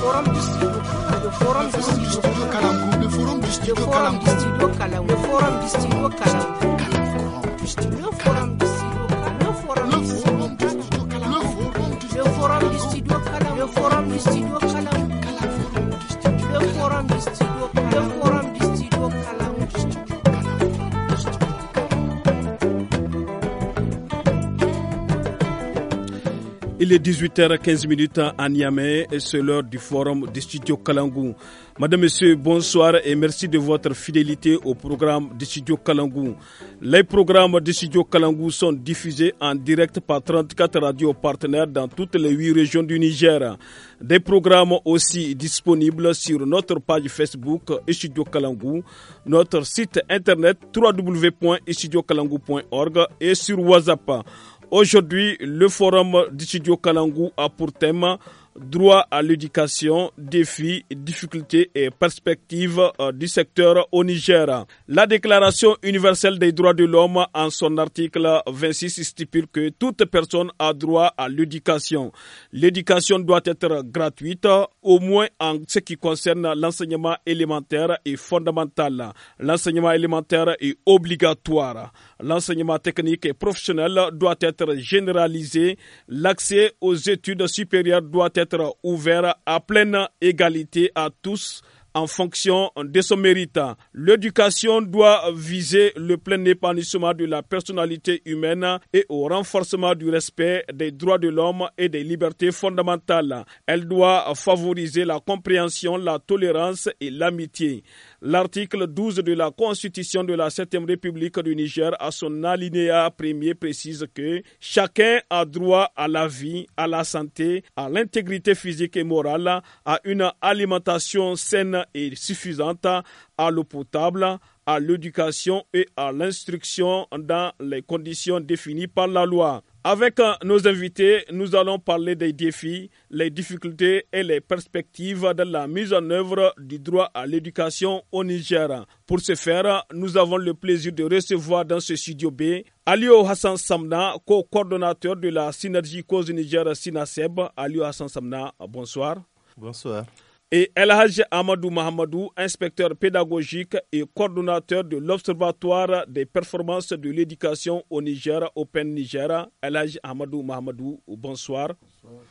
forum district the forum district the forum district the forum district the forum district Il est 18h15 à Niamey et c'est l'heure du forum du studio Kalangou. Madame, Monsieur, bonsoir et merci de votre fidélité au programme du studio Kalangou. Les programmes du studio Kalangou sont diffusés en direct par 34 radios partenaires dans toutes les 8 régions du Niger. Des programmes aussi disponibles sur notre page Facebook Studio Kalangou, notre site internet www.studiokalangou.org et sur WhatsApp. Aujourd'hui, le forum du Kalangu a pour thème droit à l'éducation, défis, difficultés et perspectives euh, du secteur au Niger. La Déclaration universelle des droits de l'homme en son article 26 stipule que toute personne a droit à l'éducation. L'éducation doit être gratuite, au moins en ce qui concerne l'enseignement élémentaire et fondamental. L'enseignement élémentaire est obligatoire. L'enseignement technique et professionnel doit être généralisé. L'accès aux études supérieures doit être ouvert à pleine égalité à tous en fonction de son mérite. L'éducation doit viser le plein épanouissement de la personnalité humaine et au renforcement du respect des droits de l'homme et des libertés fondamentales. Elle doit favoriser la compréhension, la tolérance et l'amitié. L'article 12 de la Constitution de la 7 République du Niger, à son alinéa premier, précise que chacun a droit à la vie, à la santé, à l'intégrité physique et morale, à une alimentation saine et suffisante, à l'eau potable, à l'éducation et à l'instruction dans les conditions définies par la loi. Avec euh, nos invités, nous allons parler des défis, les difficultés et les perspectives de la mise en œuvre du droit à l'éducation au Niger. Pour ce faire, nous avons le plaisir de recevoir dans ce studio B Aliou Hassan Samna, co-coordonnateur de la synergie cause Niger Sinaseb. Alio Hassan Samna, bonsoir. Bonsoir et El Amadou Mahamadou, inspecteur pédagogique et coordonnateur de l'Observatoire des performances de l'éducation au Niger, Open Niger. Elhaj Amadou Mahamadou, bonsoir. bonsoir.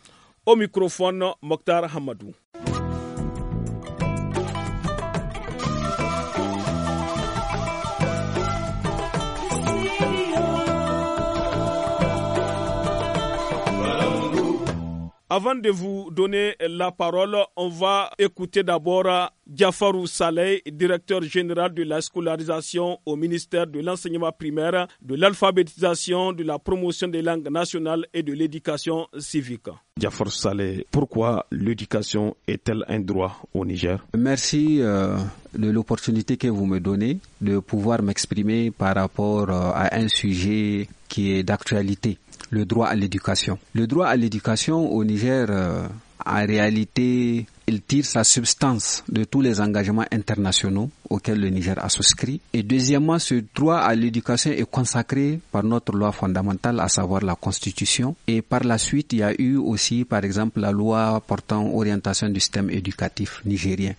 Au microphone, Mokhtar Hamadou. Avant de vous donner la parole, on va écouter d'abord Diafarou Saleh, directeur général de la scolarisation au ministère de l'enseignement primaire, de l'alphabétisation, de la promotion des langues nationales et de l'éducation civique. Diafarou Saleh, pourquoi l'éducation est-elle un droit au Niger Merci euh, de l'opportunité que vous me donnez de pouvoir m'exprimer par rapport euh, à un sujet qui est d'actualité le droit à l'éducation. Le droit à l'éducation au Niger, euh, en réalité, il tire sa substance de tous les engagements internationaux auxquels le Niger a souscrit. Et deuxièmement, ce droit à l'éducation est consacré par notre loi fondamentale, à savoir la Constitution. Et par la suite, il y a eu aussi, par exemple, la loi portant orientation du système éducatif nigérien.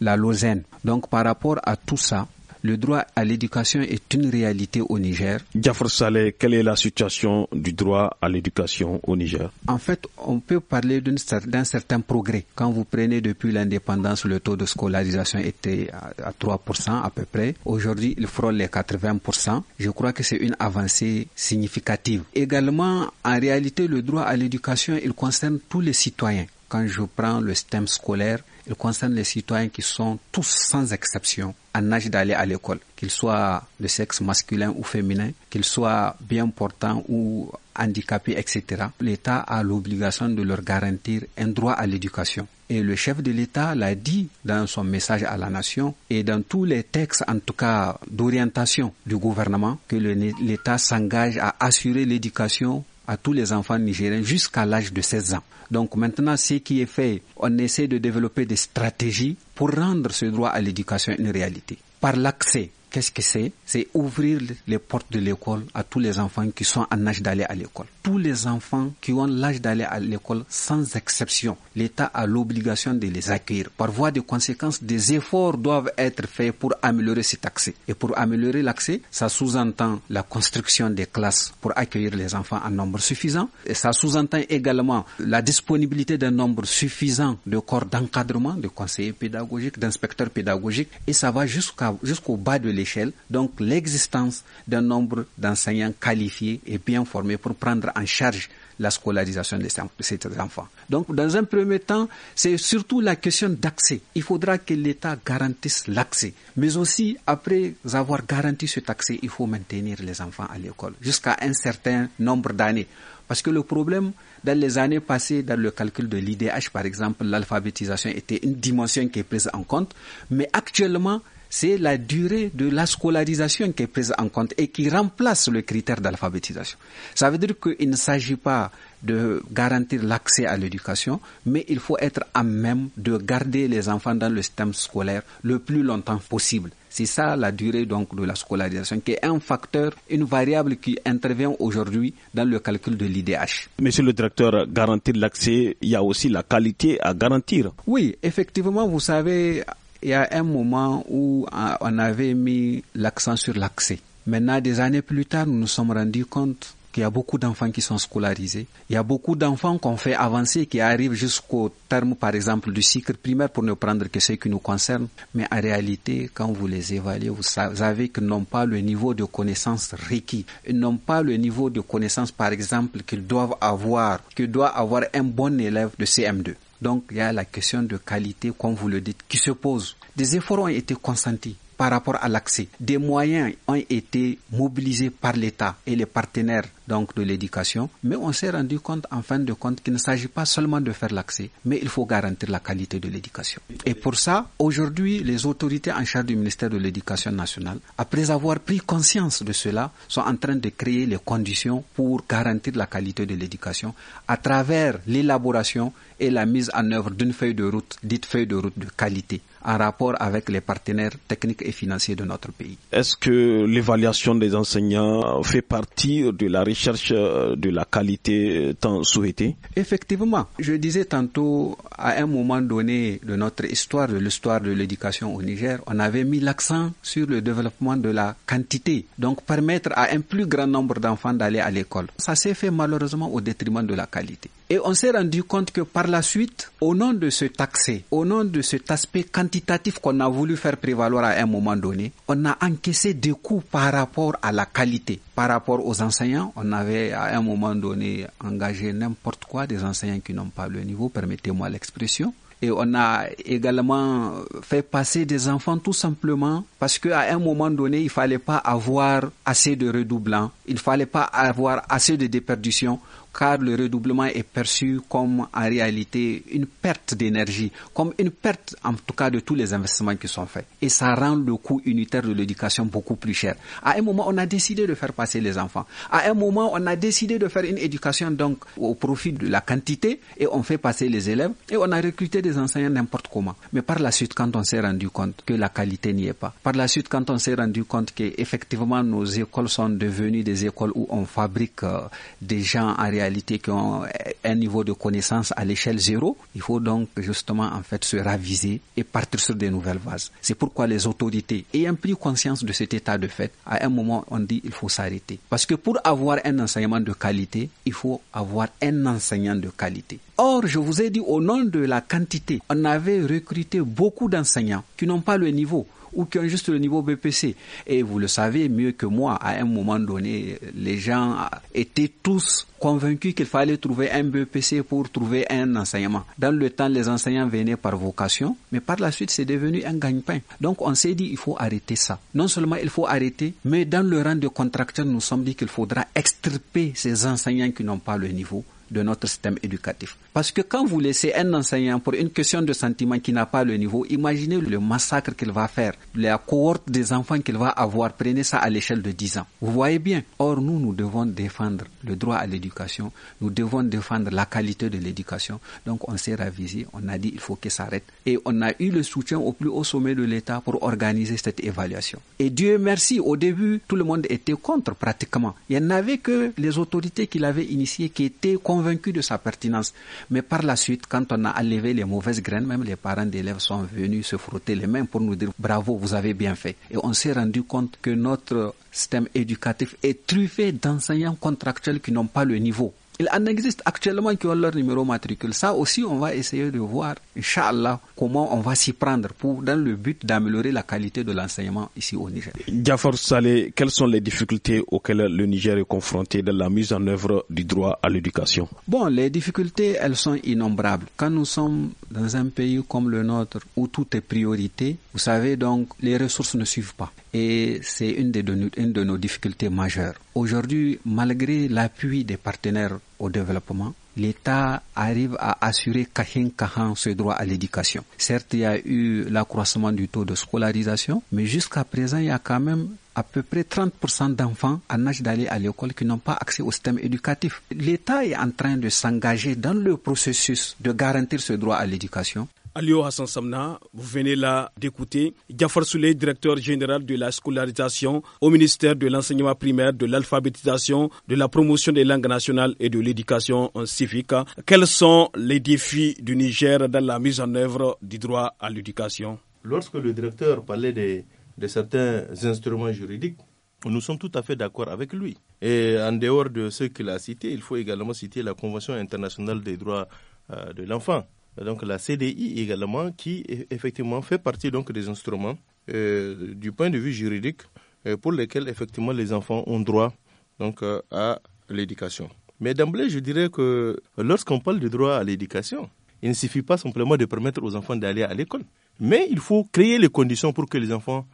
La Lausanne. Donc par rapport à tout ça, le droit à l'éducation est une réalité au Niger. Jafar Saleh, quelle est la situation du droit à l'éducation au Niger En fait, on peut parler d'un certain progrès. Quand vous prenez depuis l'indépendance, le taux de scolarisation était à 3% à peu près. Aujourd'hui, il frôle les 80%. Je crois que c'est une avancée significative. Également, en réalité, le droit à l'éducation, il concerne tous les citoyens quand je prends le système scolaire, il concerne les citoyens qui sont tous sans exception en âge d'aller à l'école, qu'ils soient de sexe masculin ou féminin, qu'ils soient bien portants ou handicapés, etc. L'État a l'obligation de leur garantir un droit à l'éducation. Et le chef de l'État l'a dit dans son message à la nation et dans tous les textes, en tout cas d'orientation du gouvernement, que l'État s'engage à assurer l'éducation à tous les enfants nigériens jusqu'à l'âge de 16 ans. Donc maintenant, ce qui est fait, on essaie de développer des stratégies pour rendre ce droit à l'éducation une réalité. Par l'accès, qu'est-ce que c'est C'est ouvrir les portes de l'école à tous les enfants qui sont en âge d'aller à l'école tous les enfants qui ont l'âge d'aller à l'école, sans exception, l'État a l'obligation de les accueillir. Par voie de conséquence, des efforts doivent être faits pour améliorer cet accès. Et pour améliorer l'accès, ça sous-entend la construction des classes pour accueillir les enfants en nombre suffisant. Et ça sous-entend également la disponibilité d'un nombre suffisant de corps d'encadrement, de conseillers pédagogiques, d'inspecteurs pédagogiques. Et ça va jusqu'au bas de l'échelle. Donc l'existence d'un nombre d'enseignants qualifiés et bien formés pour prendre en charge la scolarisation de ces enfants. Donc, dans un premier temps, c'est surtout la question d'accès. Il faudra que l'État garantisse l'accès. Mais aussi, après avoir garanti cet accès, il faut maintenir les enfants à l'école jusqu'à un certain nombre d'années. Parce que le problème, dans les années passées, dans le calcul de l'IDH, par exemple, l'alphabétisation était une dimension qui est prise en compte. Mais actuellement, c'est la durée de la scolarisation qui est prise en compte et qui remplace le critère d'alphabétisation. Ça veut dire qu'il ne s'agit pas de garantir l'accès à l'éducation, mais il faut être à même de garder les enfants dans le système scolaire le plus longtemps possible. C'est ça la durée donc de la scolarisation, qui est un facteur, une variable qui intervient aujourd'hui dans le calcul de l'IDH. Monsieur le directeur, garantir l'accès, il y a aussi la qualité à garantir. Oui, effectivement, vous savez, il y a un moment où euh, on avait mis l'accent sur l'accès. Maintenant, des années plus tard, nous nous sommes rendus compte qu'il y a beaucoup d'enfants qui sont scolarisés. Il y a beaucoup d'enfants qu'on fait avancer, qui arrivent jusqu'au terme, par exemple, du cycle primaire, pour ne prendre que ce qui nous concerne. Mais en réalité, quand vous les évaluez, vous savez qu'ils n'ont pas le niveau de connaissance requis. Ils n'ont pas le niveau de connaissance, par exemple, qu'ils doivent avoir, que doit avoir un bon élève de CM2. Donc il y a la question de qualité, comme vous le dites, qui se pose. Des efforts ont été consentis par rapport à l'accès. Des moyens ont été mobilisés par l'État et les partenaires donc de l'éducation, mais on s'est rendu compte en fin de compte qu'il ne s'agit pas seulement de faire l'accès, mais il faut garantir la qualité de l'éducation. Et pour ça, aujourd'hui, les autorités en charge du ministère de l'Éducation nationale, après avoir pris conscience de cela, sont en train de créer les conditions pour garantir la qualité de l'éducation à travers l'élaboration et la mise en œuvre d'une feuille de route, dite feuille de route de qualité en rapport avec les partenaires techniques et financiers de notre pays. Est-ce que l'évaluation des enseignants fait partie de la recherche euh, de la qualité euh, tant souhaitée Effectivement, je disais tantôt, à un moment donné de notre histoire, de l'histoire de l'éducation au Niger, on avait mis l'accent sur le développement de la quantité, donc permettre à un plus grand nombre d'enfants d'aller à l'école. Ça s'est fait malheureusement au détriment de la qualité. Et on s'est rendu compte que par la suite, au nom de ce accès, au nom de cet aspect quantitatif qu'on a voulu faire prévaloir à un moment donné, on a encaissé des coûts par rapport à la qualité. Par rapport aux enseignants, on avait à un moment donné engagé n'importe quoi des enseignants qui n'ont pas le niveau, permettez-moi l'expression. Et on a également fait passer des enfants tout simplement parce qu'à un moment donné, il fallait pas avoir assez de redoublants, il fallait pas avoir assez de déperditions car le redoublement est perçu comme en réalité une perte d'énergie, comme une perte en tout cas de tous les investissements qui sont faits. Et ça rend le coût unitaire de l'éducation beaucoup plus cher. À un moment, on a décidé de faire passer les enfants. À un moment, on a décidé de faire une éducation donc au profit de la quantité et on fait passer les élèves et on a recruté des enseignants n'importe comment. Mais par la suite, quand on s'est rendu compte que la qualité n'y est pas, par la suite, quand on s'est rendu compte qu'effectivement nos écoles sont devenues des écoles où on fabrique euh, des gens à réalité qui ont euh, un niveau de connaissance à l'échelle zéro. Il faut donc justement en fait se raviser et partir sur des nouvelles bases. C'est pourquoi les autorités ayant pris conscience de cet état de fait, à un moment on dit il faut s'arrêter. Parce que pour avoir un enseignement de qualité, il faut avoir un enseignant de qualité. Or, je vous ai dit, au nom de la quantité, on avait recruté beaucoup d'enseignants qui n'ont pas le niveau ou qui ont juste le niveau BPC. Et vous le savez mieux que moi, à un moment donné, les gens étaient tous convaincus qu'il fallait trouver un BPC pour trouver un enseignement. Dans le temps, les enseignants venaient par vocation, mais par la suite, c'est devenu un gagne-pain. Donc, on s'est dit, il faut arrêter ça. Non seulement il faut arrêter, mais dans le rang de contracteurs, nous sommes dit qu'il faudra extirper ces enseignants qui n'ont pas le niveau de notre système éducatif. Parce que quand vous laissez un enseignant pour une question de sentiment qui n'a pas le niveau, imaginez le massacre qu'il va faire, la cohorte des enfants qu'il va avoir, prenez ça à l'échelle de 10 ans. Vous voyez bien. Or, nous, nous devons défendre le droit à l'éducation, nous devons défendre la qualité de l'éducation. Donc, on s'est ravisé, on a dit il faut que ça arrête. Et on a eu le soutien au plus haut sommet de l'État pour organiser cette évaluation. Et Dieu merci, au début, tout le monde était contre pratiquement. Il n'y en avait que les autorités qui l'avaient initié qui étaient contre convaincu de sa pertinence. Mais par la suite, quand on a enlevé les mauvaises graines, même les parents d'élèves sont venus se frotter les mains pour nous dire bravo, vous avez bien fait. Et on s'est rendu compte que notre système éducatif est truffé d'enseignants contractuels qui n'ont pas le niveau il en existe actuellement qui ont leur numéro matricule. Ça aussi, on va essayer de voir, Inch'Allah, comment on va s'y prendre pour, dans le but d'améliorer la qualité de l'enseignement ici au Niger. Diafor Saleh, quelles sont les difficultés auxquelles le Niger est confronté dans la mise en œuvre du droit à l'éducation Bon, les difficultés, elles sont innombrables. Quand nous sommes dans un pays comme le nôtre où tout est priorité, vous savez donc, les ressources ne suivent pas. Et c'est une, une de nos difficultés majeures. Aujourd'hui, malgré l'appui des partenaires au développement, l'État arrive à assurer Kahin Kahan ce droit à l'éducation. Certes, il y a eu l'accroissement du taux de scolarisation, mais jusqu'à présent, il y a quand même à peu près 30% d'enfants en âge d'aller à l'école qui n'ont pas accès au système éducatif. L'État est en train de s'engager dans le processus de garantir ce droit à l'éducation. Alio Hassan Samna, vous venez là d'écouter Diafar Souley, directeur général de la scolarisation au ministère de l'enseignement primaire, de l'alphabétisation, de la promotion des langues nationales et de l'éducation civique. Quels sont les défis du Niger dans la mise en œuvre du droit à l'éducation Lorsque le directeur parlait de, de certains instruments juridiques, nous sommes tout à fait d'accord avec lui. Et en dehors de ce qu'il a cité, il faut également citer la Convention internationale des droits euh, de l'enfant donc la CDI également, qui e, effectivement fait partie donc des instruments euh, du point de vue juridique euh, pour lesquels effectivement les enfants ont droit donc euh, à l'éducation. Mais d'emblée, je dirais que lorsqu'on parle du droit à l'éducation, il ne suffit pas simplement de permettre aux enfants d'aller à l'école, mais il faut créer les conditions pour que les enfants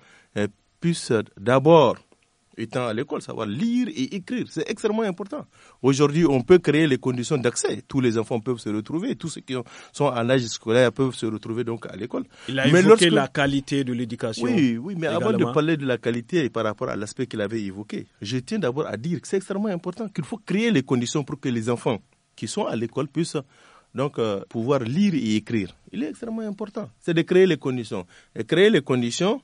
puissent d'abord étant à l'école, savoir lire et écrire. C'est extrêmement important. Aujourd'hui, on peut créer les conditions d'accès. Tous les enfants peuvent se retrouver. Tous ceux qui sont en âge scolaire peuvent se retrouver donc à l'école. Il a mais évoqué la qualité de l'éducation. Oui, oui, mais avant de parler de la qualité et par rapport à l'aspect qu'il avait évoqué, je tiens d'abord à dire que c'est extrêmement important qu'il faut créer les conditions pour que les enfants qui sont à l'école puissent donc euh, pouvoir lire et écrire. Il est extrêmement important. C'est de créer les conditions. Et créer les conditions,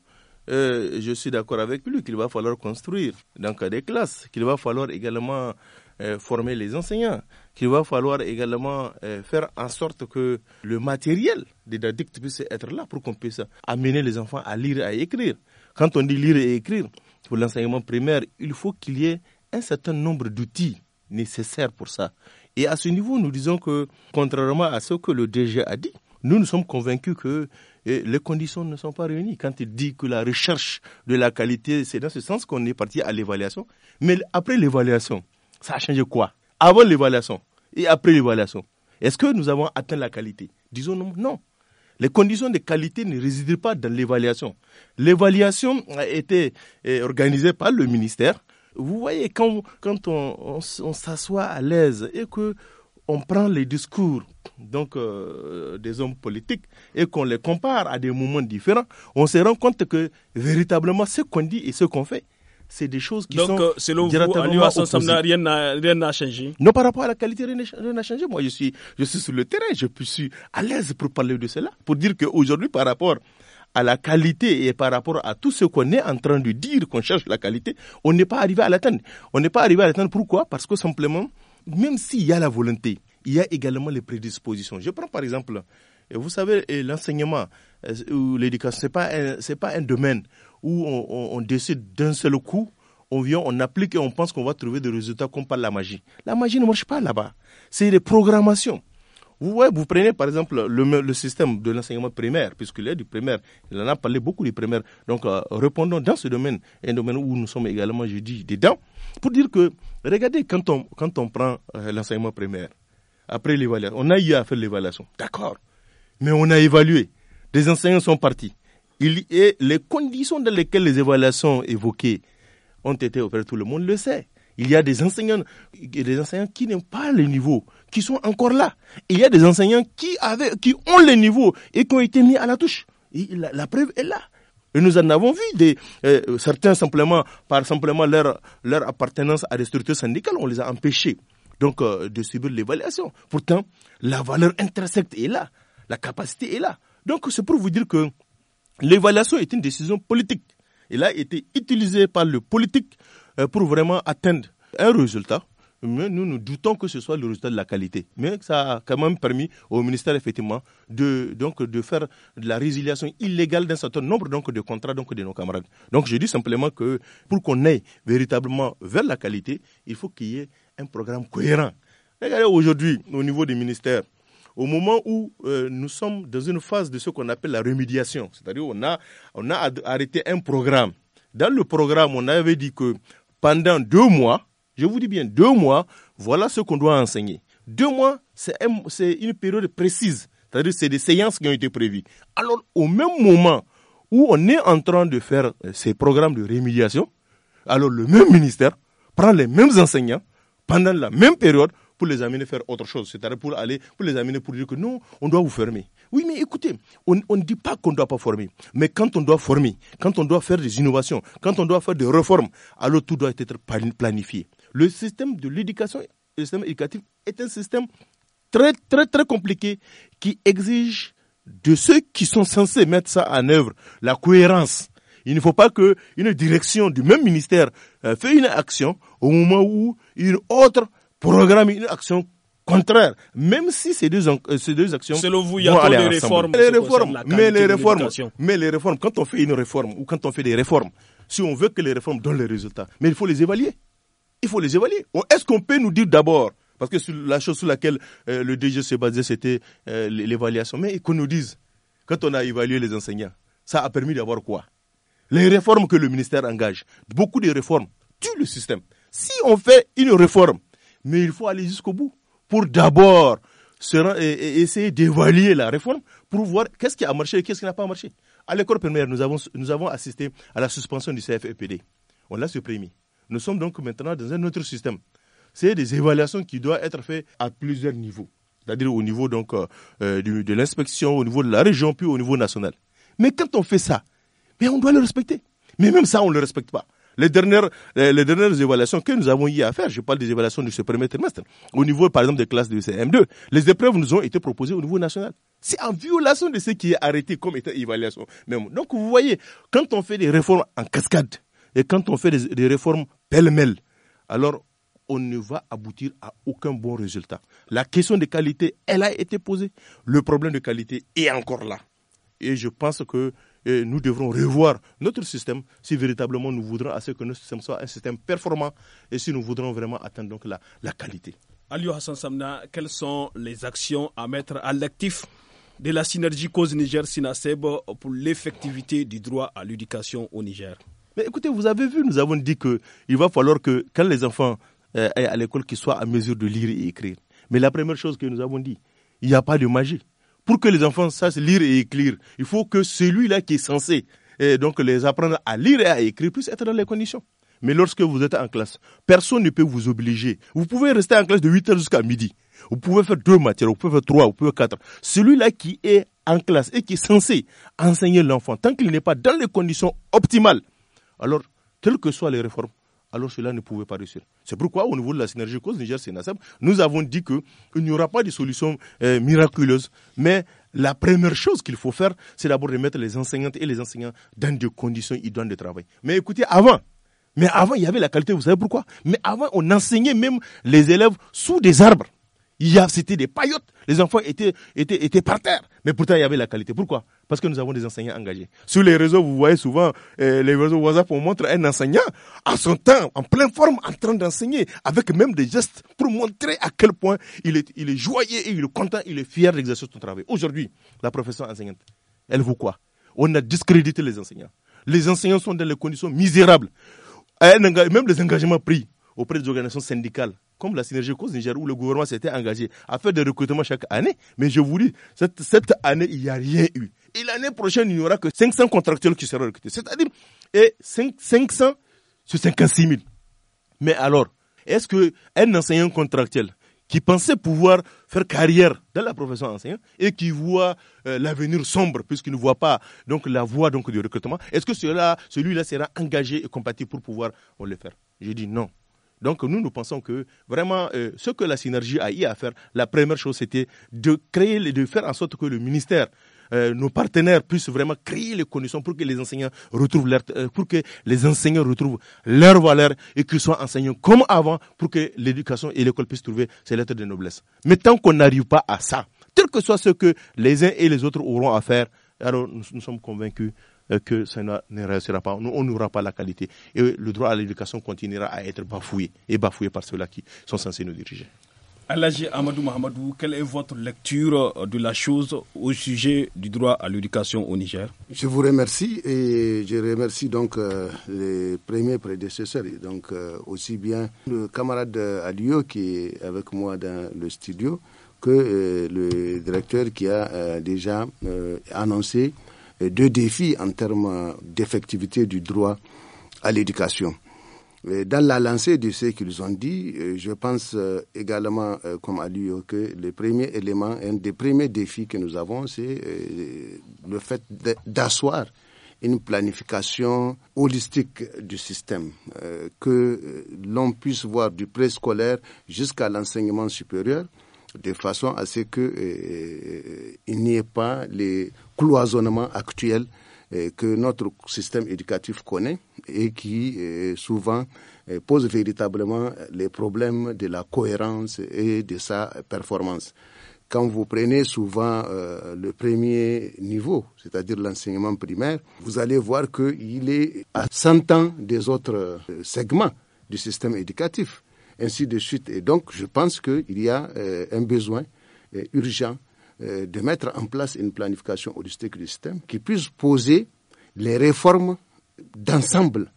euh, je suis d'accord avec lui qu'il va falloir construire donc des classes, qu'il va falloir également euh, former les enseignants, qu'il va falloir également euh, faire en sorte que le matériel didactique puisse être là pour qu'on puisse amener les enfants à lire et à écrire. Quand on dit lire et écrire, pour l'enseignement primaire, il faut qu'il y ait un certain nombre d'outils nécessaires pour ça. Et à ce niveau, nous disons que, contrairement à ce que le DG a dit, nous, nous sommes convaincus que eh, les conditions ne sont pas réunies. Quand il dit que la recherche de la qualité, c'est dans ce sens qu'on est parti à l'évaluation. Mais après l'évaluation, ça a changé quoi Avant l'évaluation et après l'évaluation, est-ce que nous avons atteint la qualité Disons non. Les conditions de qualité ne résident pas dans l'évaluation. L'évaluation a été eh, organisée par le ministère. Vous voyez, quand, quand on s'assoit à l'aise et que on prend les discours donc euh, des hommes politiques et qu'on les compare à des moments différents, on se rend compte que véritablement ce qu'on dit et ce qu'on fait, c'est des choses qui sont Donc, euh, selon vous, à rien n'a changé Non, par rapport à la qualité, rien n'a changé. Moi, je suis, je suis sur le terrain, je suis à l'aise pour parler de cela, pour dire qu'aujourd'hui, par rapport à la qualité et par rapport à tout ce qu'on est en train de dire qu'on cherche la qualité, on n'est pas arrivé à l'atteindre. On n'est pas arrivé à l'atteindre, pourquoi Parce que simplement, même s'il y a la volonté, il y a également les prédispositions. Je prends par exemple, euh, vous savez, euh, l'enseignement euh, ou l'éducation, ce n'est pas, un, pas domaine où on, on décide d'un seul coup, on vient, on applique et on pense qu'on va trouver des résultats comme par la magie. La magie ne marche pas là-bas. C'est des programmations. Vous, prenez par exemple le, système de l'enseignement primaire, puisqu'il est du primaire, il en a parlé beaucoup du primaire. Donc euh, répondons dans ce domaine, un domaine où nous sommes également, je dis, dedans, pour dire que, regardez, quand on, prend euh, l'enseignement primaire, après l'évaluation, on a eu à faire l'évaluation, d'accord, mais on a évalué, des enseignants sont partis. et les conditions dans lesquelles les évaluations évoquées ont été opérées, tout le monde le sait. Il y a des enseignants, des enseignants qui n'aiment pas le niveau qui sont encore là. il y a des enseignants qui, avaient, qui ont les niveaux et qui ont été mis à la touche. la, preuve est là. Et nous en avons vu des, euh, certains simplement, par simplement leur, leur appartenance à des structures syndicales, on les a empêchés donc, euh, de subir l'évaluation. Pourtant, la valeur intersecte est là, la capacité est là. Donc c'est pour vous dire que l'évaluation est une décision politique. Elle a été utilisée par le politique euh, pour vraiment atteindre un résultat mais nous nous doutons que ce soit le résultat de la qualité. Mais ça a quand même permis au ministère, effectivement, de, donc, de faire de la résiliation illégale d'un certain nombre donc, de contrats donc, de nos camarades. Donc je dis simplement que pour qu'on aille véritablement vers la qualité, il faut qu'il y ait un programme cohérent. Regardez aujourd'hui, au niveau des ministères, au moment où euh, nous sommes dans une phase de ce qu'on appelle la remédiation, c'est-à-dire on a, on a arrêté un programme. Dans le programme, on avait dit que pendant deux mois, je vous dis bien, deux mois, voilà ce qu'on doit enseigner. Deux mois, c'est une période précise. C'est-à-dire, c'est des séances qui ont été prévues. Alors, au même moment où on est en train de faire euh, ces programmes de rémédiation, alors le même ministère prend les mêmes enseignants pendant la même période pour les amener à faire autre chose. C'est-à-dire pour aller, pour les amener pour dire que non, on doit vous fermer. Oui, mais écoutez, on ne dit pas qu'on ne doit pas former. Mais quand on doit former, quand on doit faire des innovations, quand on doit faire des réformes, alors tout doit être planifié. Le système de l'éducation, le système éducatif est un système très, très, très compliqué qui exige de ceux qui sont censés mettre ça en œuvre la cohérence. Il ne faut pas que une direction du même ministère fasse euh, fait une action au moment où une autre programme une action contraire, même si ces deux, euh, ces deux actions Selon il a vont réformes, mais les réformes, mais les réformes, quand on fait une réforme ou quand on fait des réformes, si on veut que les réformes donnent les résultats, mais il faut les évaluer il faut les évaluer. Est-ce qu'on peut nous dire d'abord, parce que la chose sur laquelle euh, le DG se basait, c'était euh, l'évaluation, mais qu'on nous dise, quand on a évalué les enseignants, ça a permis d'avoir quoi Les réformes que le ministère engage, beaucoup de réformes tuent le système. Si on fait une réforme, mais il faut aller jusqu'au bout pour d'abord essayer d'évaluer la réforme pour voir qu'est-ce qui a marché et qu'est-ce qui n'a pas marché. À l'école primaire, nous avons, nous avons assisté à la suspension du CFEPD. On l'a supprimé. Nous sommes donc maintenant dans un autre système. C'est des évaluations qui doivent être faites à plusieurs niveaux, c'est-à-dire au niveau euh, euh, de, l'inspection, au niveau de la région, puis au niveau national. Mais quand on fait ça, mais on doit le respecter. Mais même ça, on ne le respecte pas. Euh, les dernières, évaluations que nous avons eu à faire, je parle des évaluations du ce premier trimestre, au niveau par exemple des classes de CM2, les épreuves nous ont été proposées au niveau national. C'est en violation de ce qui est arrêté comme étant évaluation. Donc vous voyez, quand on fait des réformes en cascade, et quand on fait des, réformes pêle-mêle, alors on ne va aboutir à aucun bon résultat. La question de qualité, elle a été posée. Le problème de qualité est encore là. Et je pense que eh, nous devrons revoir notre système si véritablement nous voudrons à ce que notre système soit un système performant et si nous voudrons vraiment atteindre donc la, qualité. Aliou Hassan Samna, quelles sont les actions à mettre à l'actif de la synergie cause Niger-Sinaseb pour l'effectivité du droit à l'éducation au Niger mais écoutez, vous avez vu, nous avons dit qu'il va falloir que quand les enfants euh, aillent à l'école, qu'ils soient à mesure de lire et écrire. Mais la première chose que nous avons dit, il n'y a pas de magie. Pour que les enfants sachent lire et écrire, il faut que celui-là qui est censé euh, donc les apprendre à lire et à écrire puisse être dans les conditions. Mais lorsque vous êtes en classe, personne ne peut vous obliger. Vous pouvez rester en classe de 8h jusqu'à midi. Vous pouvez faire deux matières, vous pouvez faire trois, vous pouvez faire quatre. Celui-là qui est en classe et qui est censé enseigner l'enfant, tant qu'il n'est pas dans les conditions optimales, alors, quelles que soient les réformes, alors cela ne pouvait pas réussir. C'est pourquoi, au niveau de la synergie cause niger nous avons dit qu'il n'y aura pas de solution euh, miraculeuse. Mais la première chose qu'il faut faire, c'est d'abord de mettre les enseignantes et les enseignants dans des conditions idoines de travail. Mais écoutez, avant, mais avant, il y avait la qualité, vous savez pourquoi Mais avant, on enseignait même les élèves sous des arbres. C'était des paillotes les enfants étaient, étaient, étaient par terre. Mais pourtant, il y avait la qualité. Pourquoi Parce que nous avons des enseignants engagés. Sur les réseaux, vous voyez souvent, euh, les réseaux WhatsApp, on montre un enseignant à son temps, en pleine forme, en train d'enseigner, avec même des gestes pour montrer à quel point il est, il est joyeux, il est content, il est fier d'exercer son travail. Aujourd'hui, la profession enseignante, elle vaut quoi On a discrédité les enseignants. Les enseignants sont dans des conditions misérables. Même les engagements pris auprès des organisations syndicales comme la synergie cause Niger, où le gouvernement s'était engagé à faire des recrutements chaque année. Mais je vous dis, cette, année, il n'y a rien eu. Et l'année prochaine, il n'y aura que 500 contractuels qui seront recrutés. C'est-à-dire, et 5, 500 sur 56 000. Mais alors, est-ce qu'un enseignant contractuel qui pensait pouvoir faire carrière dans la profession enseignante et qui voit euh, l'avenir sombre puisqu'il ne voit pas donc la voie donc du recrutement, est-ce que celui-là sera engagé et compatible pour pouvoir le faire Je dis non. Donc nous, nous pensons que vraiment, euh, ce que la synergie a eu à faire, la première chose, c'était de créer, de faire en sorte que le ministère euh, nos partenaires puissent vraiment créer les conditions pour que les enseignants retrouvent leur, euh, pour que les enseignants retrouvent leur valeur et qu'ils soient enseignants comme avant pour que l'éducation et l'école puissent trouver ces lettres de noblesse. Mais tant qu'on n'arrive pas à ça, tel que soit ce que les uns et les autres auront à faire, alors nous sommes convaincus euh, que ça ne réussira pas. On n'aura pas la qualité. Et le droit à l'éducation continuera à être bafoué et bafoué par ceux-là qui sont censés nous diriger. Alhaji Amadou Mahamadou, quelle est votre lecture de la chose au sujet du droit à l'éducation au Niger Je vous remercie et je remercie donc euh, les premiers prédécesseurs, donc euh, aussi bien le camarade Alio qui est avec moi dans le studio que le directeur qui a déjà annoncé euh, deux défis en termes d'effectivité du droit à l'éducation. Euh, dans la lancée de ce qu'ils ont dit, euh, je pense également, comme a lui, que le premier élément, un des premiers défis que nous avons, c'est le fait d'asseoir une planification holistique du système, que l'on puisse voir du préscolaire jusqu'à l'enseignement supérieur, de façon à ce qu'il n'y ait pas les cloisonnement actuel euh, que notre système éducatif connaît et qui euh, souvent euh, pose véritablement les problèmes de la cohérence et de sa performance. Quand vous prenez souvent le premier niveau, c'est-à-dire l'enseignement primaire, vous allez voir qu'il est à 100 ans des autres segments du système éducatif, ainsi de suite. Et donc, je pense qu'il y a un besoin urgent euh, de mettre en place une planification holistique du système qui puisse poser les réformes d'ensemble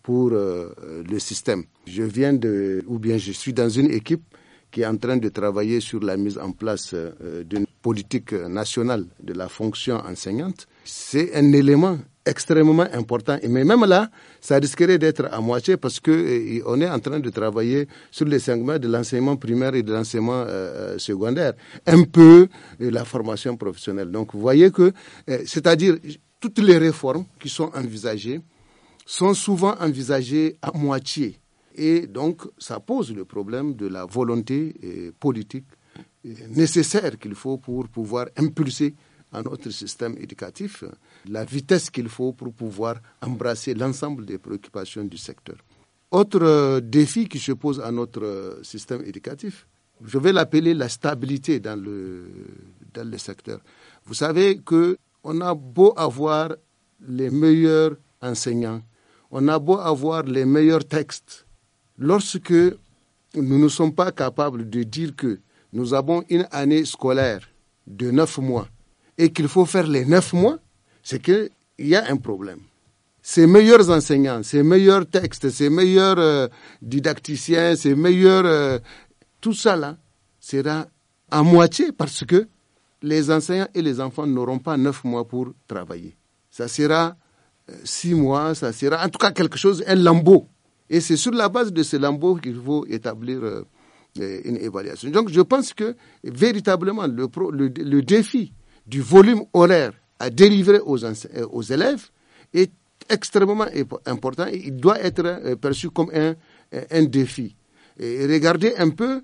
pour euh, euh, le système. Je viens de, ou bien je suis dans une équipe qui est en train de travailler sur la mise en place d'une politique nationale de la fonction enseignante. C'est un élément extrêmement important. Mais même là, ça risquerait d'être à moitié parce qu'on euh, est en train de travailler sur les segments de l'enseignement primaire et de l'enseignement euh, euh, secondaire, un peu la formation professionnelle. Donc, vous voyez que, c'est-à-dire, toutes les réformes qui sont envisagées sont souvent envisagées à moitié. Et donc, ça pose le problème de la volonté politique nécessaire qu'il faut pour pouvoir impulser à notre système éducatif la vitesse qu'il faut pour pouvoir embrasser l'ensemble des préoccupations du secteur. Autre euh, défi qui se pose à notre euh, système éducatif, je vais l'appeler la stabilité dans le, dans le secteur. Vous savez que on a beau avoir les meilleurs enseignants, on a beau avoir les meilleurs textes, lorsque nous ne sommes pas capables de dire que nous avons une année scolaire de neuf mois et qu'il faut faire les neuf mois, c'est qu'il y a un problème. Ces meilleurs enseignants, ces meilleurs textes, ces meilleurs euh, didacticiens, ces meilleurs... Euh, tout ça là sera à moitié parce que les enseignants et les enfants n'auront pas neuf mois pour travailler. Ça sera euh, six mois, ça sera en tout cas quelque chose, un lambeau. Et c'est sur la base de ce lambeau qu'il faut établir une évaluation. Donc je pense que véritablement le, le défi du volume horaire à délivrer aux, euh, élèves est extrêmement important et il doit être euh, perçu comme un, euh, un défi. regardez un peu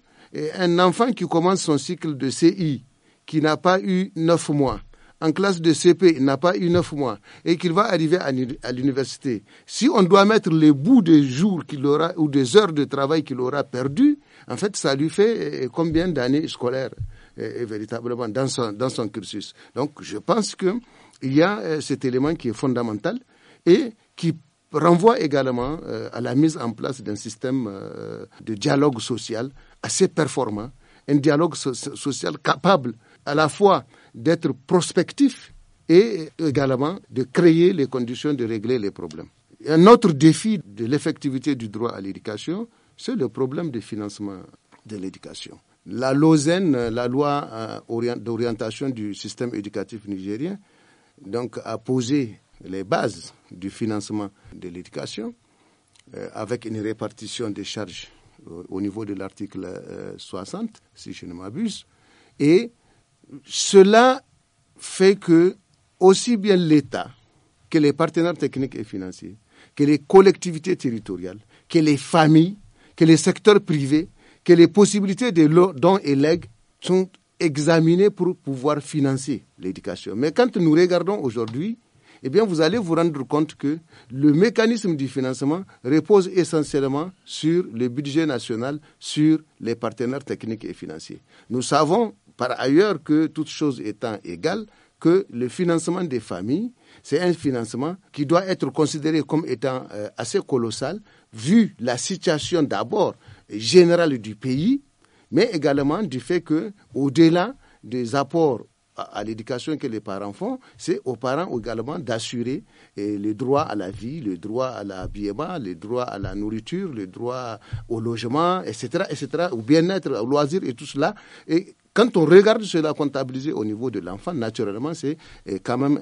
un enfant qui commence son cycle de CI, qui n'a pas eu neuf mois, en classe de CP, il n'a pas eu neuf mois, et qu'il va arriver à l'université. Si on doit mettre les bouts des jours qu'il aura ou des heures de travail qu'il aura perdu, en fait, ça lui fait combien d'années scolaires et véritablement dans son, dans son cursus. Donc je pense qu'il y a euh, cet élément qui est fondamental et qui renvoie également euh, à la mise en place d'un système euh, de dialogue social assez performant, un dialogue social capable à la fois d'être prospectif et également de créer les conditions de régler les problèmes. Un autre défi de l'effectivité du droit à l'éducation, c'est le problème du financement de l'éducation. La la loi euh, d'orientation du système éducatif nigérien, donc, a posé les bases du financement de l'éducation euh, avec une répartition des charges au niveau de l'article 60, euh, si je ne m'abuse. Et cela fait que aussi bien l'État que les partenaires techniques et financiers, que les collectivités territoriales, que les familles, que les secteurs privés les possibilités de dons et legs sont examinées pour pouvoir financer l'éducation. Mais quand nous regardons aujourd'hui, eh vous allez vous rendre compte que le mécanisme du financement repose essentiellement sur le budget national, sur les partenaires techniques et financiers. Nous savons par ailleurs que, toute chose étant égale, que le financement des familles, c'est un financement qui doit être considéré comme étant euh, assez colossal, vu la situation d'abord général du pays, mais également du fait que, au-delà des apports à, l'éducation que les parents font, c'est aux parents également d'assurer eh, le droit à la vie, le droit à l'habillement, le droit à la nourriture, le droit au logement, etc., etc., au bien-être, au loisir et tout cela. Quand on regarde cela comptabilisé au niveau de l'enfant, naturellement, c'est euh, quand même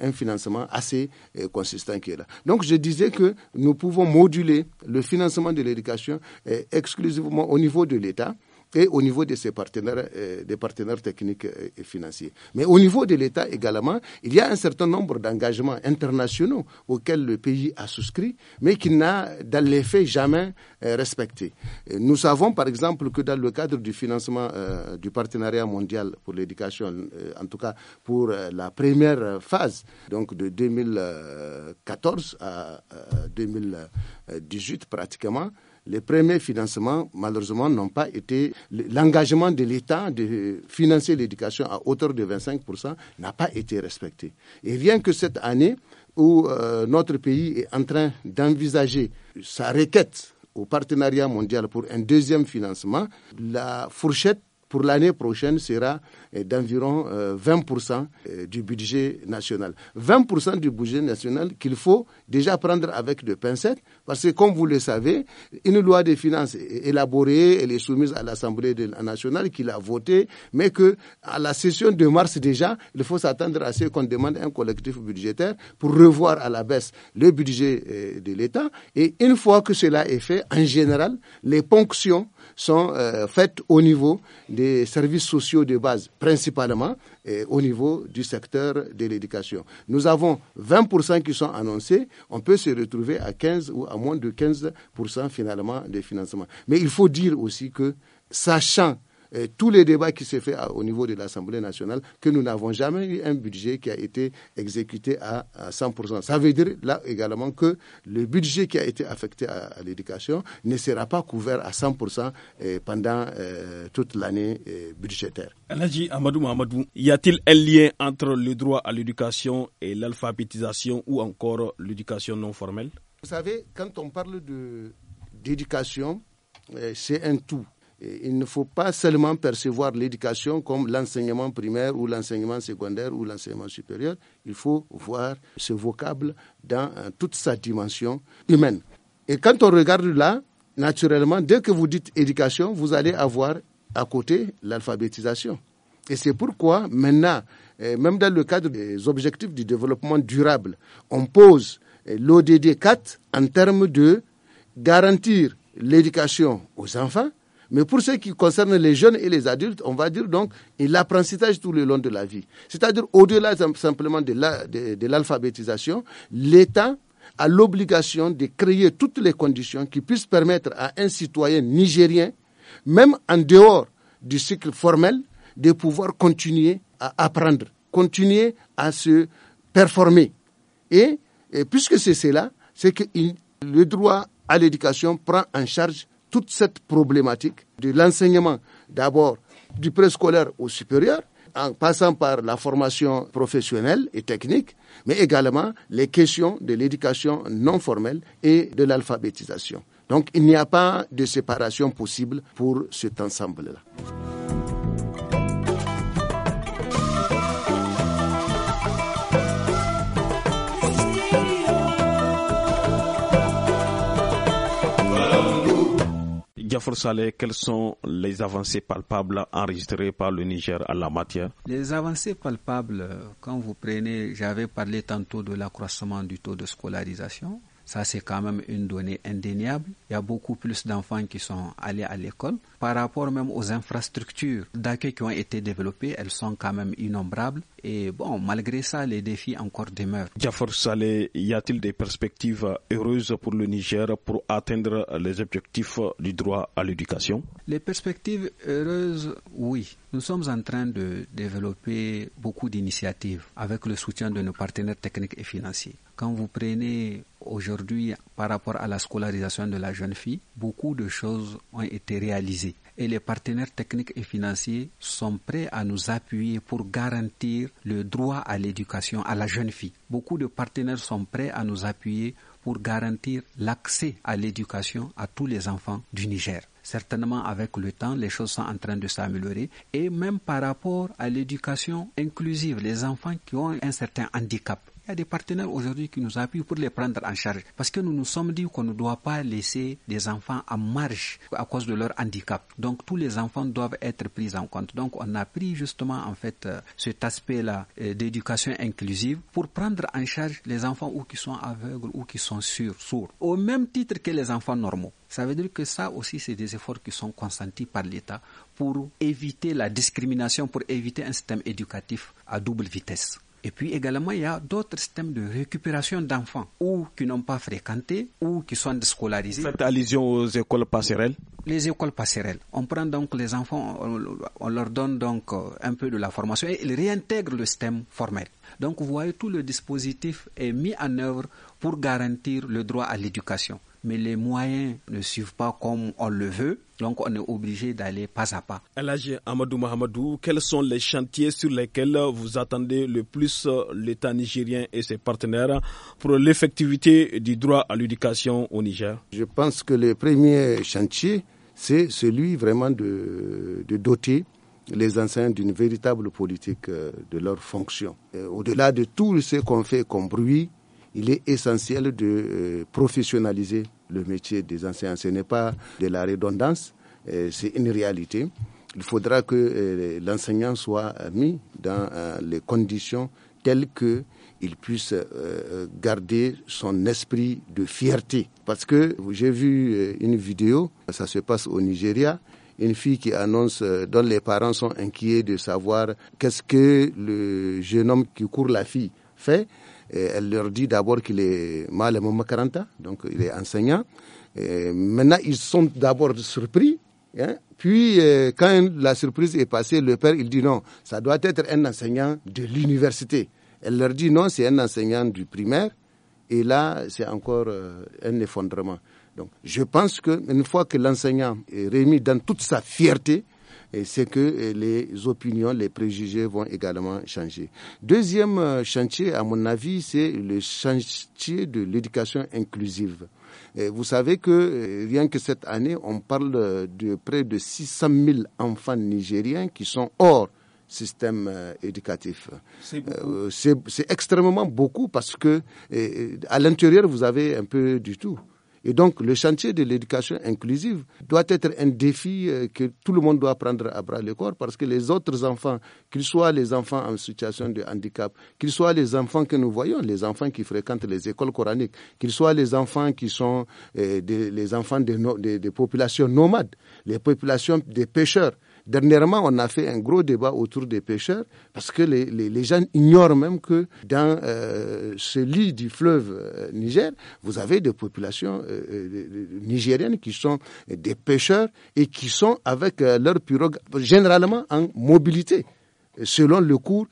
un, financement assez euh, consistant qui est là. Donc, je disais que nous pouvons moduler le financement de l'éducation euh, exclusivement au niveau de l'État et au niveau de ses partenaires, euh, des partenaires techniques et financiers. Mais au niveau de l'État également, il y a un certain nombre d'engagements internationaux auxquels le pays a souscrit, mais qui n'a dans les faits jamais euh, respecté. nous savons par exemple que dans le cadre du financement euh, du partenariat mondial pour l'éducation, en tout cas pour la première phase, donc de 2014 à 2018 pratiquement, les premiers financements, malheureusement, n'ont pas été. L'engagement de l'État de financer l'éducation à hauteur de 25% n'a pas été respecté. Et rien que cette année où euh, notre pays est en train d'envisager sa requête au partenariat mondial pour un deuxième financement, la fourchette pour l'année prochaine sera euh, d'environ 20% euh, euh, du budget national. 20% du budget national qu'il faut déjà prendre avec des pincettes, parce que comme vous le savez, une loi des finances élaborée, est soumise à l'Assemblée nationale qui l'a votée, mais que à la session de mars déjà, il faut s'attendre à ce qu'on demande un collectif budgétaire pour revoir à la baisse le budget de l'État. Et une fois que cela est fait, en général, les ponctions sont euh, faites au niveau des services sociaux de base, principalement au niveau du secteur de l'éducation. Nous avons 20% qui sont annoncés, on peut se retrouver à 15 ou à moins de 15% finalement des financements. Mais il faut dire aussi que, sachant euh, tous les débats qui se font au niveau de l'Assemblée nationale que nous n'avons jamais eu un budget qui a été exécuté à, 100%. Ça veut dire là également que le budget qui a été affecté à, l'éducation ne sera pas couvert à 100% euh, pendant euh, toute l'année budgétaire. Aladji Amadou y a-t-il un lien entre le droit à l'éducation et l'alphabétisation ou encore l'éducation non formelle Vous savez, quand on parle d'éducation, c'est un tout il ne faut pas seulement percevoir l'éducation comme l'enseignement primaire ou l'enseignement secondaire ou l'enseignement supérieur. Il faut voir ce vocable dans euh, toute sa dimension humaine. Et quand on regarde là, naturellement, dès que vous dites éducation, vous allez avoir à côté l'alphabétisation. Et c'est pourquoi maintenant, euh, même dans le cadre des objectifs du développement durable, on pose euh, l'ODD 4 en termes de garantir l'éducation aux enfants, mais pour ce qui concerne les jeunes et les adultes, on va dire donc l'apprentissage tout le long de la vie. C'est-à-dire au-delà simplement de l'alphabétisation, l'État a l'obligation de créer toutes les conditions qui puissent permettre à un citoyen nigérien, même en dehors du cycle formel, de pouvoir continuer à apprendre, continuer à se performer. Et, puisque c'est cela, c'est que le droit à l'éducation prend en charge toute cette problématique de l'enseignement, d'abord du préscolaire au supérieur, en passant par la formation professionnelle et technique, mais également les questions de l'éducation non formelle et de l'alphabétisation. Donc il n'y a pas de séparation possible pour cet ensemble-là. Diafor Saleh, quelles sont les avancées palpables enregistrées par le Niger à la matière Les avancées palpables, quand vous prenez, j'avais parlé tantôt de l'accroissement du taux de scolarisation. Ça, c'est quand même une donnée indéniable. Il y a beaucoup plus d'enfants qui sont allés à l'école par rapport même aux infrastructures d'accueil qui ont été développées, elles sont quand même innombrables. Et bon, malgré ça, les défis encore demeurent. Jafar Saleh, y a-t-il des perspectives heureuses pour le Niger pour atteindre les objectifs du droit à l'éducation Les perspectives heureuses, oui. Nous sommes en train de développer beaucoup d'initiatives avec le soutien de nos partenaires techniques et financiers. Quand vous prenez aujourd'hui par rapport à la scolarisation de la jeune fille, beaucoup de choses ont été réalisées et les partenaires techniques et financiers sont prêts à nous appuyer pour garantir le droit à l'éducation à la jeune fille. Beaucoup de partenaires sont prêts à nous appuyer pour garantir l'accès à l'éducation à tous les enfants du Niger. Certainement, avec le temps, les choses sont en train de s'améliorer. Et même par rapport à l'éducation inclusive, les enfants qui ont un certain handicap, il y a des partenaires aujourd'hui qui nous appuient pour les prendre en charge. Parce que nous nous sommes dit qu'on ne doit pas laisser des enfants à marge à cause de leur handicap. Donc tous les enfants doivent être pris en compte. Donc on a pris justement en fait euh, cet aspect-là euh, d'éducation inclusive pour prendre en charge les enfants ou qui sont aveugles ou qui sont sourds. Au même titre que les enfants normaux. Ça veut dire que ça aussi, c'est des efforts qui sont consentis par l'État pour éviter la discrimination, pour éviter un système éducatif à double vitesse. Et puis également, il y a d'autres systèmes de récupération d'enfants, ou qui n'ont pas fréquenté, ou qui sont déscolarisés. Faites allusion aux écoles passerelles Les écoles passerelles. On prend donc les enfants, on leur donne donc euh, un peu de la formation et ils réintègrent le système formel. Donc vous voyez, tout le dispositif est mis en œuvre pour garantir le droit à l'éducation mais les moyens ne suivent pas comme on le veut. Donc on est obligé d'aller pas à pas. Elage Amadou Mahamadou, quels sont les chantiers sur lesquels vous attendez le plus euh, l'État nigérien et ses partenaires pour l'effectivité du droit à l'éducation au Niger Je pense que le premier chantier, c'est celui vraiment de, de doter les enseignants d'une véritable politique euh, de leur fonction. Au-delà de tout ce qu'on fait comme bruit, il est essentiel de euh, professionnaliser le métier des enseignants. Ce n'est pas de la redondance, euh, c'est une réalité. Il faudra que euh, l'enseignant soit mis dans les conditions telles que il puisse garder son esprit de fierté. Parce que j'ai vu une vidéo, ça se passe au Nigeria, une fille qui annonce, dont les parents sont inquiets de savoir qu'est-ce que le jeune homme qui court la fille fait elle leur dit d'abord qu'il est mal makaranta, donc il est enseignant. Et maintenant, ils sont d'abord surpris. Hein. Puis, euh, quand la surprise est passée, le père, il dit non, ça doit être un enseignant de l'université. Elle leur dit non, c'est un enseignant du primaire. Et là, c'est encore euh, un effondrement. Donc, je pense qu'une fois que l'enseignant est remis dans toute sa fierté, c'est que eh, les opinions, les préjugés vont également changer. Deuxième euh, chantier, à mon avis, c'est le chantier de l'éducation inclusive. Eh, vous savez que eh, rien que cette année, on parle de près de 600 000 enfants nigériens qui sont hors système euh, éducatif. Euh, c'est extrêmement beaucoup parce que à l'intérieur, vous avez un peu du tout. Et donc, le chantier de l'éducation inclusive doit être un défi euh, que tout le monde doit prendre à bras le corps parce que les autres enfants, qu'ils soient les enfants en situation de handicap, qu'ils soient les enfants que nous voyons, les enfants qui fréquentent les écoles coraniques, qu'ils soient les enfants qui sont euh, des, les enfants des populations nomades, les populations des pêcheurs, Dernièrement, on a fait un gros débat autour des pêcheurs parce que les, les, gens ignorent même que dans euh, ce lit du fleuve euh, Niger, vous avez des populations euh, nigériennes qui sont des pêcheurs et qui sont avec leur pirogue généralement en mobilité selon le cours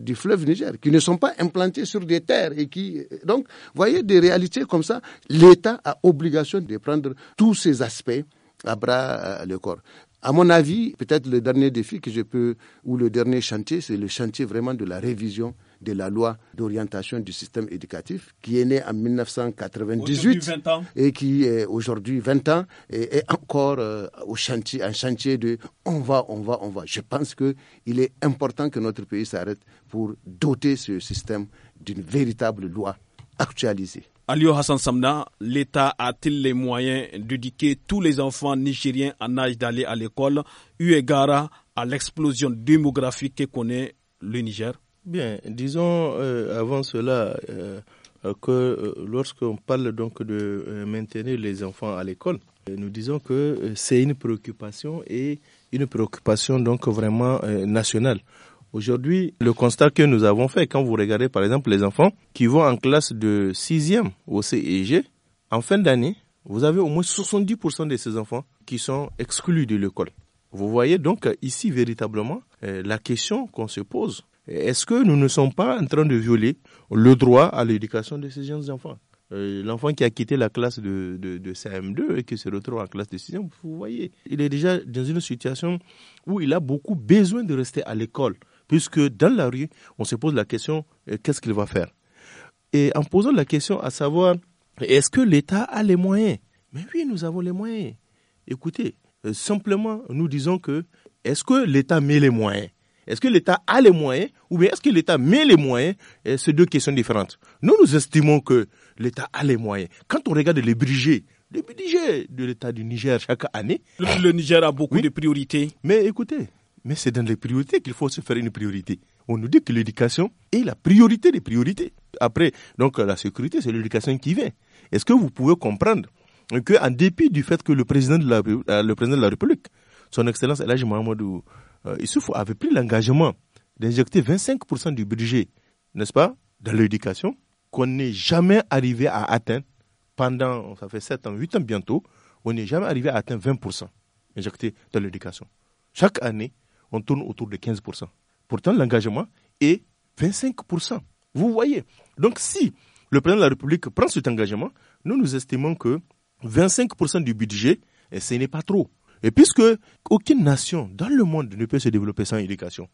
du fleuve Niger, qui ne sont pas implantés sur des terres et qui donc voyez des réalités comme ça. L'État a obligation de prendre tous ces aspects à bras le corps. À mon avis, peut-être le dernier défi que je peux, ou le dernier chantier, c'est le chantier vraiment de la révision de la loi d'orientation du système éducatif qui est née en 1998 et qui est aujourd'hui 20 ans et est encore euh, au chantier, un chantier de on va, on va, on va. Je pense qu'il est important que notre pays s'arrête pour doter ce système d'une véritable loi actualisée. Alio Hassan Samna, l'État a-t-il les moyens d'éduquer tous les enfants nigériens en âge d'aller à l'école, eu égard à l'explosion démographique que connaît le Niger Bien, disons euh, avant cela euh, euh, que lorsqu'on parle donc de maintenir les enfants à l'école, nous disons que c'est une préoccupation et une préoccupation donc vraiment nationale. Aujourd'hui, le constat que nous avons fait, quand vous regardez par exemple les enfants qui vont en classe de 6e au CEG, en fin d'année, vous avez au moins 70% de ces enfants qui sont exclus de l'école. Vous voyez donc ici véritablement euh, la question qu'on se pose. Est-ce que nous ne sommes pas en train de violer le droit à l'éducation de ces jeunes enfants euh, L'enfant qui a quitté la classe de, CM2 et qui se retrouve en classe de 6e, vous voyez, il est déjà dans une situation où il a beaucoup besoin de rester à l'école puisque dans la rue, on se pose la question euh, qu'est-ce qu'il va faire Et en posant la question à savoir est-ce que l'État a les moyens Mais oui, nous avons les moyens. Écoutez, euh, simplement, nous disons que est-ce que l'État met les moyens Est-ce que l'État a les moyens Ou bien est-ce que l'État met les moyens C'est deux questions différentes. Nous, nous estimons que l'État a les moyens. Quand on regarde les budgets, les budgets de l'État du Niger chaque année. Le, Niger a beaucoup de priorités. Mais écoutez, mais c'est dans les priorités qu'il faut se faire une priorité. On nous dit que l'éducation est la priorité des priorités. Après, donc la sécurité, c'est l'éducation qui vient. Est-ce que vous pouvez comprendre qu'en dépit du fait que le président de la, euh, le président de la République, son Excellence Elhaj Mohamedou euh, avait pris l'engagement d'injecter 25% du budget, n'est-ce pas, dans l'éducation, qu'on n'est jamais arrivé à atteindre pendant, ça fait 7 ans, 8 ans bientôt, on n'est jamais arrivé à atteindre 20% injecté dans l'éducation. Chaque année, on tourne autour de 15%. Pourtant, l'engagement est 25%. Vous voyez Donc si le président de la République prend cet engagement, nous nous estimons que 25% du budget, et eh, ce n'est pas trop. Et puisque aucune nation dans le monde ne peut se développer sans éducation,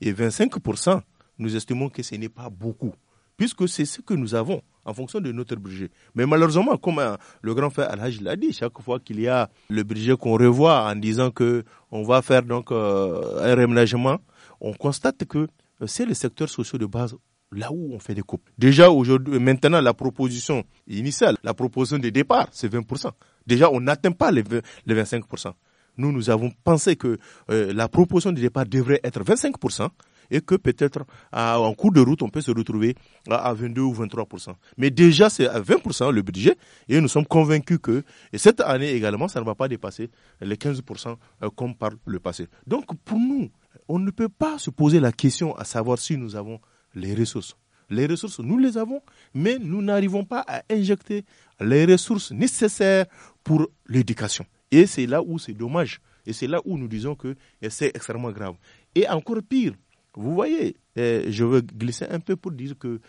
et 25%, nous estimons que ce n'est pas beaucoup puisque c'est ce que nous avons en fonction de notre budget. Mais malheureusement, comme euh, le grand frère Al-Hajj l'a dit, chaque fois qu'il y a le budget qu'on revoit en disant que on va faire donc euh, un réménagement, on constate que euh, c'est le secteur social de base là où on fait des coupes. Déjà aujourd'hui, maintenant la proposition initiale, la proposition de départ, c'est 20%. Déjà, on n'atteint pas les, 25%. Nous, nous avons pensé que la proposition de départ devrait être 25% et que peut-être en cours de route, on peut se retrouver à, 22 ou 23%. Mais déjà, c'est à 20% le budget et nous sommes convaincus que et cette année également, ça ne va pas dépasser les 15% euh, comme par le passé. Donc pour nous, on ne peut pas se poser la question à savoir si nous avons les ressources. Les ressources, nous les avons, mais nous n'arrivons pas à injecter les ressources nécessaires pour l'éducation. Et c'est là où c'est dommage. Et c'est là où nous disons que eh, c'est extrêmement grave. Et encore pire, vous voyez, je veux glisser un peu pour dire que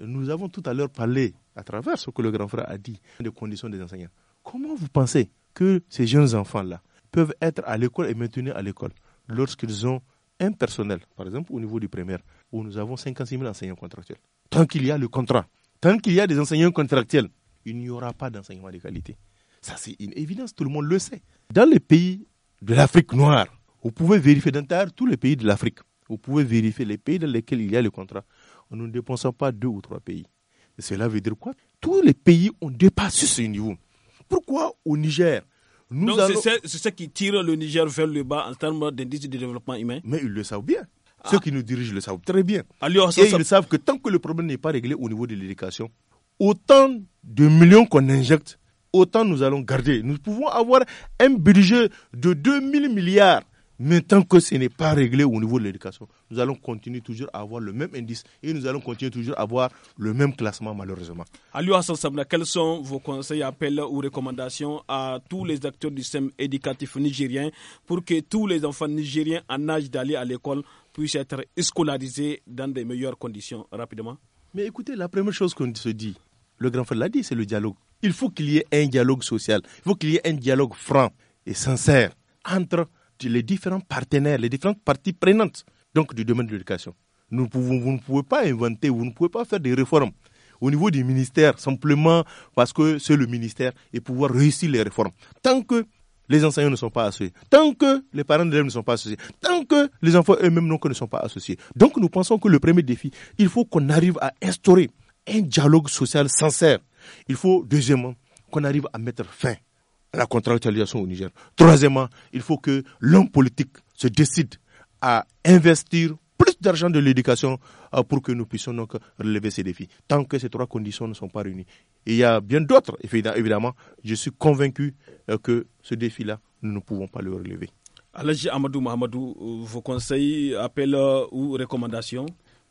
nous avons tout à l'heure parlé, à travers ce que le grand frère a dit, des conditions des enseignants. Comment vous pensez que ces jeunes enfants-là peuvent être à l'école et maintenir à l'école lorsqu'ils ont un personnel, par exemple au niveau du primaire, où nous avons 56 000 enseignants contractuels Tant qu'il y a le contrat, tant qu'il y a des enseignants contractuels, il n'y aura pas d'enseignement de qualité. Ça, c'est une évidence, tout le monde le sait. Dans les pays de l'Afrique noire, vous pouvez vérifier d'intérieur tous les pays de l'Afrique, vous pouvez vérifier les pays dans lesquels il y a le contrat. Nous ne dépensons pas deux ou trois pays. cela veut dire quoi Tous les pays ont dépassé ce niveau. Pourquoi au Niger c'est ce qui tire le Niger vers le bas en termes d'indice de développement humain Mais ils le savent bien. Ah. Ceux qui nous dirigent le savent très bien. Alors, ah, Et ils savent que tant que le problème n'est pas réglé au niveau de l'éducation, autant de millions qu'on injecte, autant nous allons garder. Nous pouvons avoir un budget de 2000 milliards mais tant que ce n'est pas réglé au niveau de l'éducation, nous allons continuer toujours à avoir le même indice et nous allons continuer toujours à avoir le même classement, malheureusement. Hassan quels sont vos conseils, appels ou recommandations à tous les acteurs du système éducatif nigérien pour que tous les enfants nigériens en âge d'aller à l'école puissent être scolarisés dans des meilleures conditions rapidement Mais écoutez, la première chose qu'on se dit, le grand frère l'a dit, c'est le dialogue. Il faut qu'il y ait un dialogue social, il faut qu'il y ait un dialogue franc et sincère entre les différents partenaires, les différentes parties prenantes donc, du domaine de l'éducation. Nous pouvons, vous ne pouvez pas inventer, vous ne pouvez pas faire des réformes au niveau du ministère simplement parce que c'est le ministère et pouvoir réussir les réformes. Tant que les enseignants ne sont pas associés, tant que les parents d'élèves ne sont pas associés, tant que les enfants eux-mêmes ne sont pas associés. Donc nous pensons que le premier défi, il faut qu'on arrive à instaurer un dialogue social sincère. Il faut, deuxièmement, qu'on arrive à mettre fin la contractualisation au Niger. Troisièmement, il faut que l'homme politique se décide à investir plus d'argent de l'éducation euh, pour que nous puissions donc relever ces défis. Tant que ces trois conditions ne sont pas réunies. il y a bien d'autres, évidemment. Je suis convaincu euh, que ce défi-là, nous ne pouvons pas le relever. Alhaji Amadou Mahamadou, euh, vos conseils, appels ou recommandations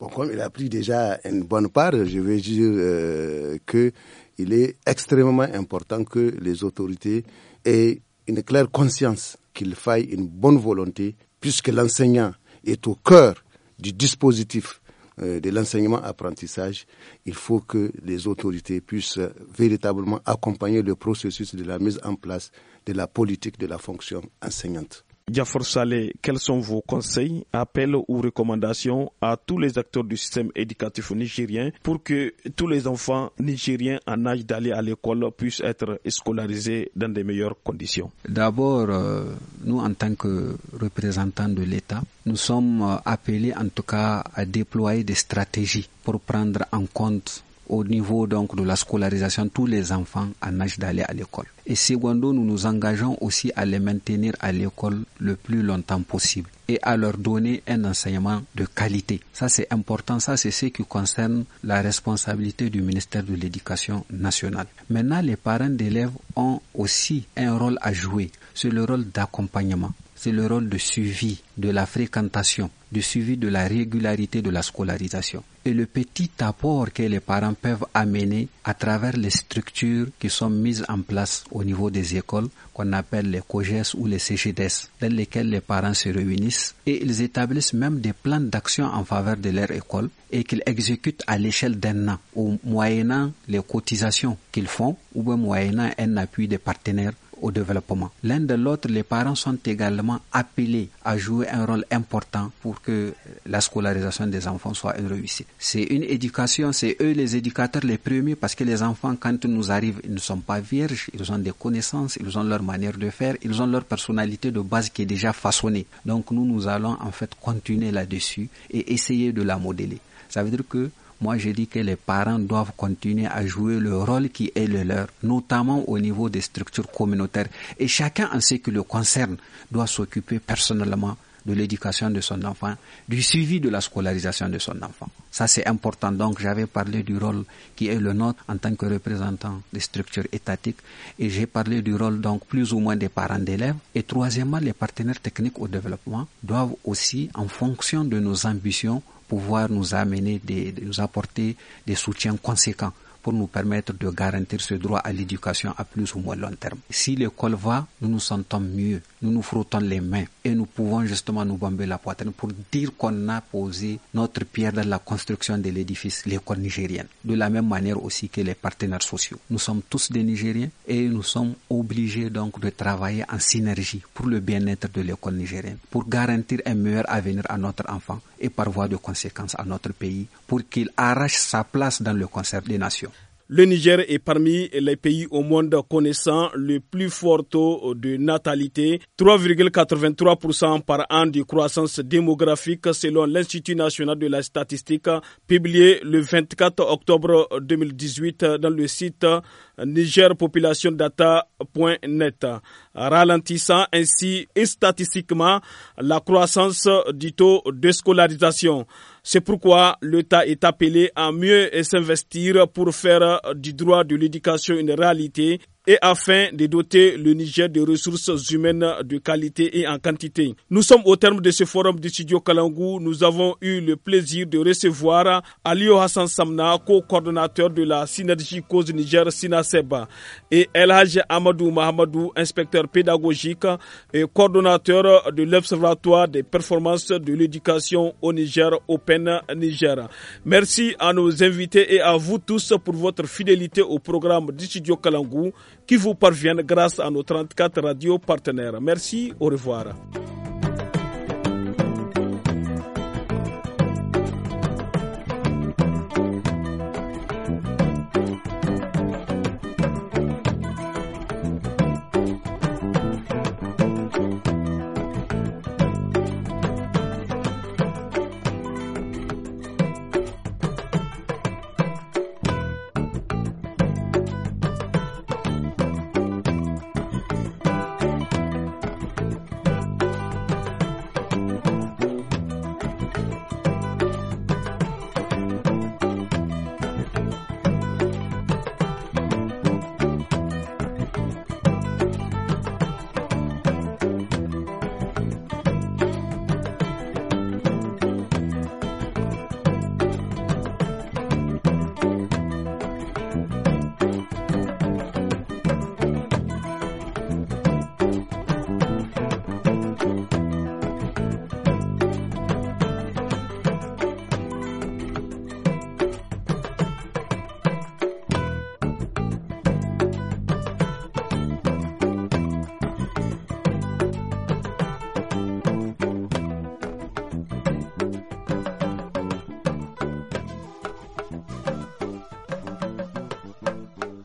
comme il a pris déjà une bonne part, je veux dire euh, qu'il est extrêmement important que les autorités aient une claire conscience qu'il faille une bonne volonté, puisque l'enseignant est au cœur du dispositif euh, de l'enseignement-apprentissage, il faut que les autorités puissent véritablement accompagner le processus de la mise en place de la politique de la fonction enseignante. Jafar Saleh, quels sont vos conseils, appels ou recommandations à tous les acteurs du système éducatif nigérien pour que tous les enfants nigériens en âge d'aller à l'école puissent être scolarisés dans des meilleures conditions D'abord, euh, nous en tant que représentants de l'État, nous sommes euh, appelés en tout cas à déployer des stratégies pour prendre en compte au niveau donc de la scolarisation tous les enfants en âge d'aller à l'école. Et secondo, nous nous engageons aussi à les maintenir à l'école le plus longtemps possible et à leur donner un enseignement de qualité. Ça c'est important, ça c'est ce qui concerne la responsabilité du ministère de l'Éducation nationale. Maintenant, les parents d'élèves ont aussi un rôle à jouer, c'est le rôle d'accompagnement c'est le rôle de suivi de la fréquentation, de suivi de la régularité de la scolarisation et le petit apport que les parents peuvent amener à travers les structures qui sont mises en place au niveau des écoles qu'on appelle les COGES ou les CGDES, dans lesquelles les parents se réunissent et ils établissent même des plans d'action en faveur de leur école et qu'ils exécutent à l'échelle d'un an, au moyennant les cotisations qu'ils font ou moyennant un appui des partenaires développement. L'un de l'autre, les parents sont également appelés à jouer un rôle important pour que la scolarisation des enfants soit une réussite. C'est une éducation, c'est eux les éducateurs les premiers parce que les enfants, quand ils nous arrivent, ils ne sont pas vierges, ils ont des connaissances, ils ont leur manière de faire, ils ont leur personnalité de base qui est déjà façonnée. Donc nous, nous allons en fait continuer là-dessus et essayer de la modeler. Ça veut dire que moi, j'ai dit que les parents doivent continuer à jouer le rôle qui est le leur, notamment au niveau des structures communautaires. Et chacun en ce qui le concerne doit s'occuper personnellement de l'éducation de son enfant, du suivi de la scolarisation de son enfant. Ça, c'est important. Donc, j'avais parlé du rôle qui est le nôtre en tant que représentant des structures étatiques et j'ai parlé du rôle, donc, plus ou moins des parents d'élèves. Et troisièmement, les partenaires techniques au développement doivent aussi, en fonction de nos ambitions, pouvoir nous amener, des, nous apporter des soutiens conséquents pour nous permettre de garantir ce droit à l'éducation à plus ou moins long terme. Si l'école va, nous nous sentons mieux nous nous frottons les mains et nous pouvons justement nous bomber la poitrine pour dire qu'on a posé notre pierre dans la construction de l'édifice, l'école nigérienne. De la même manière aussi que les partenaires sociaux. Nous sommes tous des Nigériens et nous sommes obligés donc de travailler en synergie pour le bien-être de l'école nigérienne, pour garantir un meilleur avenir à notre enfant et par voie de conséquence à notre pays, pour qu'il arrache sa place dans le concert des nations. Le Niger est parmi les pays au monde connaissant le plus fort taux de natalité, 3,83% par an de croissance démographique selon l'Institut national de la statistique publié le 24 octobre 2018 dans le site nigerpopulationdata.net, ralentissant ainsi et statistiquement la croissance du taux de scolarisation. C'est pourquoi l'État est appelé à mieux s'investir pour faire du droit de l'éducation une réalité et afin de doter le Niger de ressources humaines de qualité et en quantité. Nous sommes au terme de ce forum du studio Kalangou. Nous avons eu le plaisir de recevoir Alio Hassan Samna, co-coordonnateur de la synergie cause Niger Sinaseba, et Elhaj Amadou Mahamadou, inspecteur pédagogique et coordonnateur de l'Observatoire des performances de l'éducation au Niger, Open Niger. Merci à nos invités et à vous tous pour votre fidélité au programme du studio Kalangou qui vous parviennent grâce à nos 34 radios partenaires. Merci, au revoir.